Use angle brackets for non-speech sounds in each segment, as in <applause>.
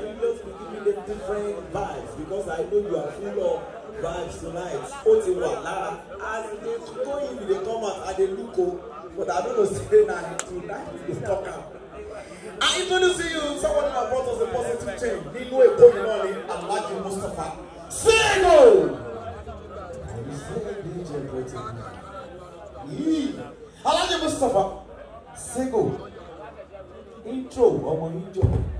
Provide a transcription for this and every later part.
just give you them different vibes because I know you are full of vibes tonight. Ó ti As they go in, they come out, and they look o. Oh, but I don't know <laughs> say na tonight we dey talk am. I even see you, someone that brought us a positive change. know a good morning. ni Alhaji Mustapha. Say no! Alhaji Mustapha, Sego, intro ọmọ yín Intro.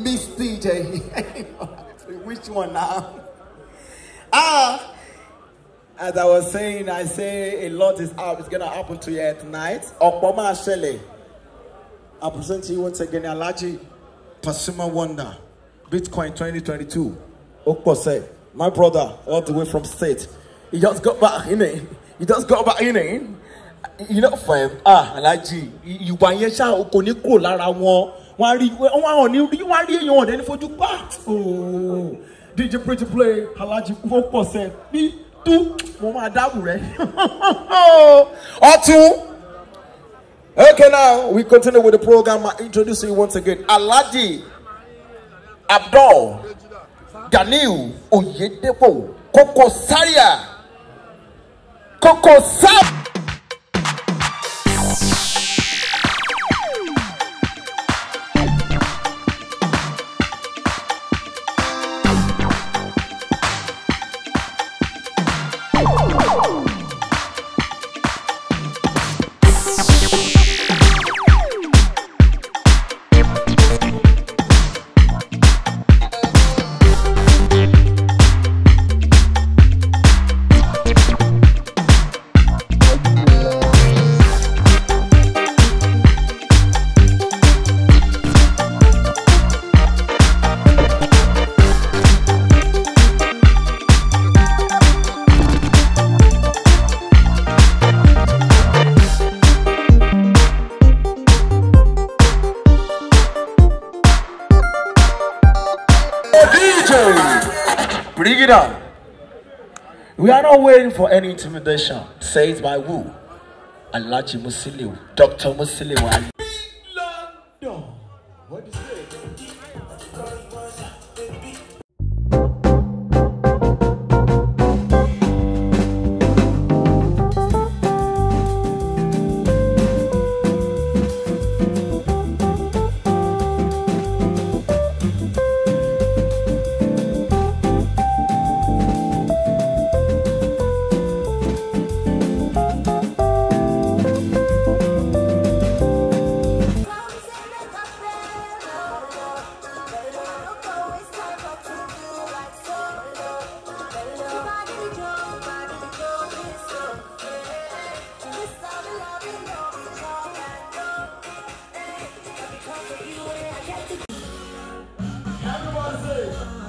Miss CJ. <laughs> Which one now? Ah, as I was saying, I say a lot is up. Uh, it's gonna happen to you at night. Okpoma Ashele. I present to you once again Alaji Pasuma Wonder, Bitcoin 2022. say my brother, all the way from state. He just got back in it. He just got back in it. You know, five. ah, Alaji, you buy your share. okoni lara wọ́n á rí wọ́n á ní rí wọ́n á rí èèyàn ọ̀dẹ́ ní fojú gbà ooo oh, dj pretty play alhaji kúfọ pọ̀ sẹ́ bí tú mo máa dáàbò rẹ. <laughs> ọtún okay now we continue with the program i introduce you once again alhaji abdul ganil oyedepo Kokosaria, saria bring it on. We are not waiting for any intimidation. Say it by who? Alaji Musiliu, Dr. Musiliu.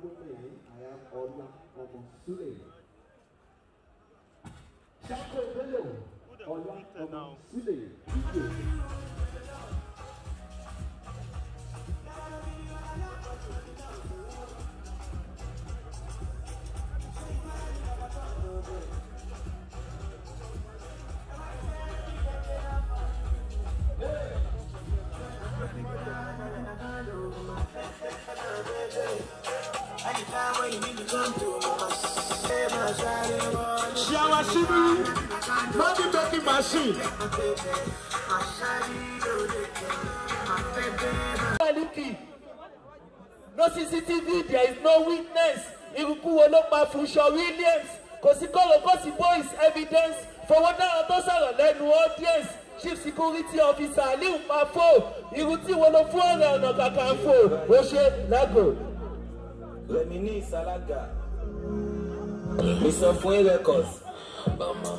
Agomeni, I am Ọlá ọmọ Sule. Ṣáko Bello, Ọlá ọmọ Sule, Ìjò. Shiawashibu, money making machine. Quality. No CCTV, there is no witness. Ikuku wo ló pa Fusho Williams. Kò sí kọ́lọ̀ kò sí boys evidence. Fọwọ́ dára tó sọ̀rọ̀ lẹ́nu audience. Chief Security Officer Aliu Mafo. Irú tí wo ló fún ọ̀rẹ́ ọ̀nà kàkàǹfò. Ó ṣe lágò. Rẹ̀míní Ìsàlágà Ìsọfúnni Records. Bàmọ́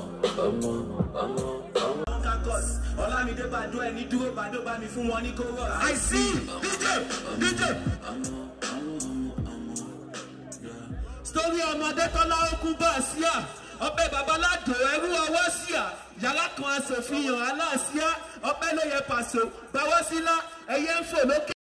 I see DJ DJ. Sítórí ọmọdé tọ́lá ó ọbẹ̀ babaládò ẹrú ọwọ́ sí à yàrá kan aṣòfin hàn aláàsíá ọbẹ̀ lóye pàṣẹ gbawọ́sílá ẹ̀yẹ ń fò lókè.